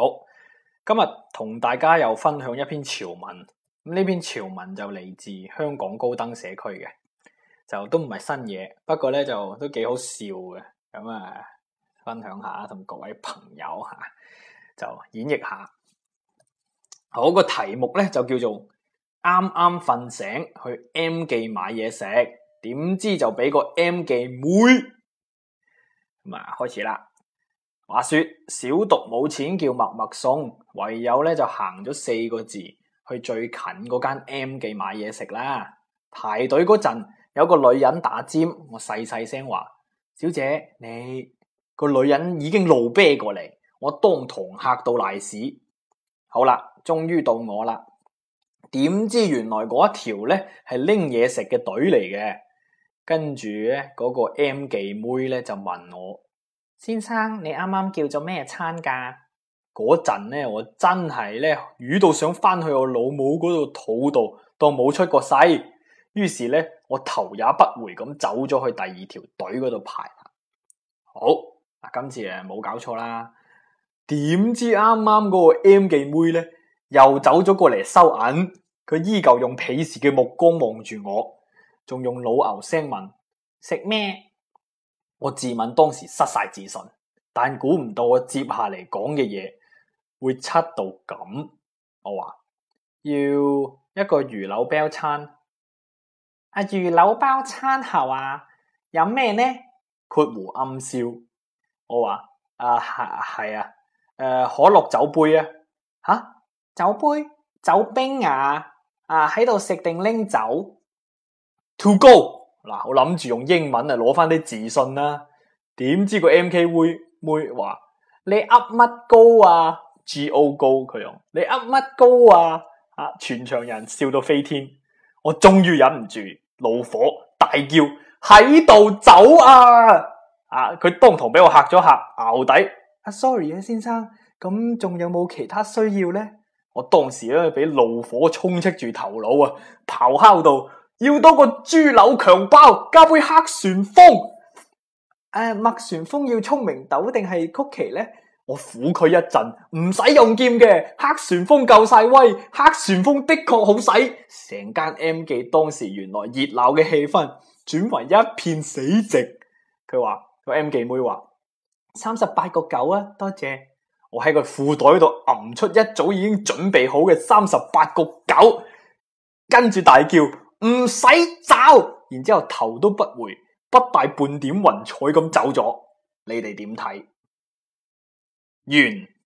好，今日同大家又分享一篇潮文，咁呢篇潮文就嚟自香港高登社區嘅，就都唔係新嘢，不過咧就都幾好笑嘅，咁、嗯、啊分享下同各位朋友吓，就演繹下。好，個題目咧就叫做啱啱瞓醒去 M 記買嘢食，點知就俾個 M 記妹，咁啊開始啦。話說小毒冇錢叫默默送，唯有咧就行咗四個字去最近嗰間 M 記買嘢食啦。排隊嗰陣有個女人打尖，我細細聲話小姐你個女人已經露啤過嚟，我當堂吓到瀨屎。好啦，終於到我啦，點知原來嗰一條咧係拎嘢食嘅隊嚟嘅，跟住咧嗰個 M 記妹咧就問我。先生，你啱啱叫做咩餐㗎？嗰陣呢，我真係呢瘀到想返去我老母嗰個肚度當冇出過世。於是呢，我頭也不回咁走咗去第二條隊嗰度排。好，嗱，今次誒冇搞錯啦。點知啱啱嗰個 M 記妹呢，又走咗過嚟收銀。佢依舊用鄙視嘅目光望住我，仲用老牛聲問食咩？我自問當時失晒自信，但估唔到我接下嚟講嘅嘢會七到咁。我話要一個魚柳包餐，阿、啊、魚柳包餐後啊，飲咩呢？括弧，暗笑。我話啊係係啊，誒、啊啊啊、可樂酒杯啊吓、啊，酒杯酒冰啊啊喺度食定拎走 to go。嗱，我諗住用英文啊，攞翻啲自信啦。點知個 M K 妹妹話：你噏乜高啊？G O 高佢用，你噏乜高啊？啊！全場人笑到飛天。我終於忍唔住，怒火大叫：喺度走啊！啊！佢當堂俾我吓咗吓，淆底。啊，sorry 啊，先生。咁、啊、仲有冇其他需要咧？我當時咧俾怒火充斥住頭腦啊，咆哮到。要多個豬柳強包加杯黑旋風，誒、啊，麥旋風要聰明豆定係曲奇呢？我苦佢一陣，唔使用劍嘅黑旋風夠晒威，黑旋風的確好使。成間 M 記當時原來熱鬧嘅氣氛轉為一片死寂。佢話個 M 記妹話三十八個九啊，9, 多謝。我喺個褲袋度揞出一早已經準備好嘅三十八個九，跟住大叫。唔使找，然之後頭都不回，不帶半點雲彩咁走咗。你哋點睇？完。